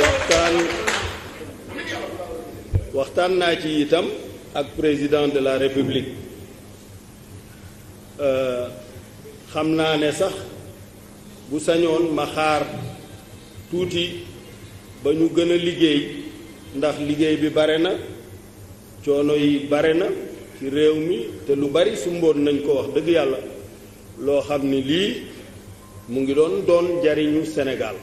waxtaan waxtaan naa ci itam ak président de la république euh, xam naa ne sax bu sañoon ma xaar tuuti ba ñu gën a liggéey ndax liggéey bi bare na coono yi bare na ci réew mi te lu bari sumboon nañ ko wax dëgg yàlla loo xam ni lii mu ngi doon doon jariñu Sénégal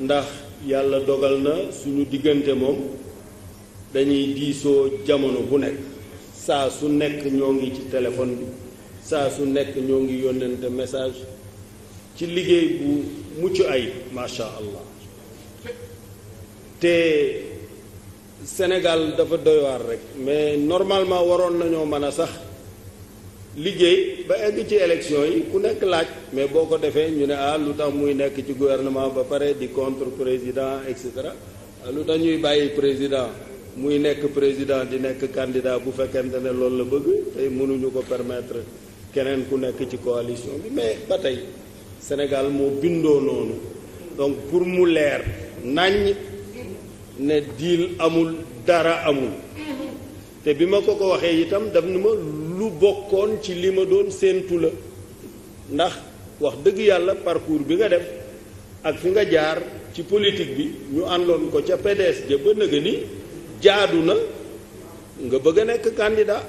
ndax yàlla dogal na suñu diggante moom dañuy diisoo jamono bu nekk saa su nekk ñoo ngi ci téléphone bi saa su nekk ñoo ngi yónnante message ci liggéey bu mucc ay macha allah te Sénégal dafa doy waar rek mais normalement waroon nañoo mën a sax liggéey ba egg ci élection yi ku nekk laaj mais boo ko defee ñu ne ah lu tax muy nekk ci gouvernement ba pare di contre président et cetera ah, lu tax ñuy bàyyi président muy nekk président di nekk candidat bu fekkente ne loolu la bëgg tey mënuñu ko permettre keneen ku nekk ci coalition bi mais ba tey Sénégal moo bindoo noonu donc pour mu leer nàññ ne diil amul dara amul mm-hmm. te bi ma ko ko waxee itam daf ni ma lu bokkoon ci li ma doon séentu la ndax wax dëgg yàlla parcours bi nga def ak fi nga jaar ci politique bi ñu àndoon ko ca PDS ja ba nëga ni jaadu na nga bëgg a nekk candidat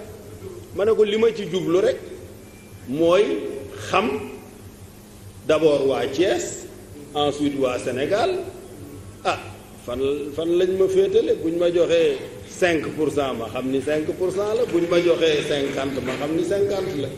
ma ne ko li ma ci jublu rek mooy xam d'abord waa Thiès ensuite waa Sénégal ah fan fan lañ ma féetale buñ ma joxee cinq pour cent ma xam ni cinq pour cent la bu ñu ma joxee cinquante ma xam ni cinquante la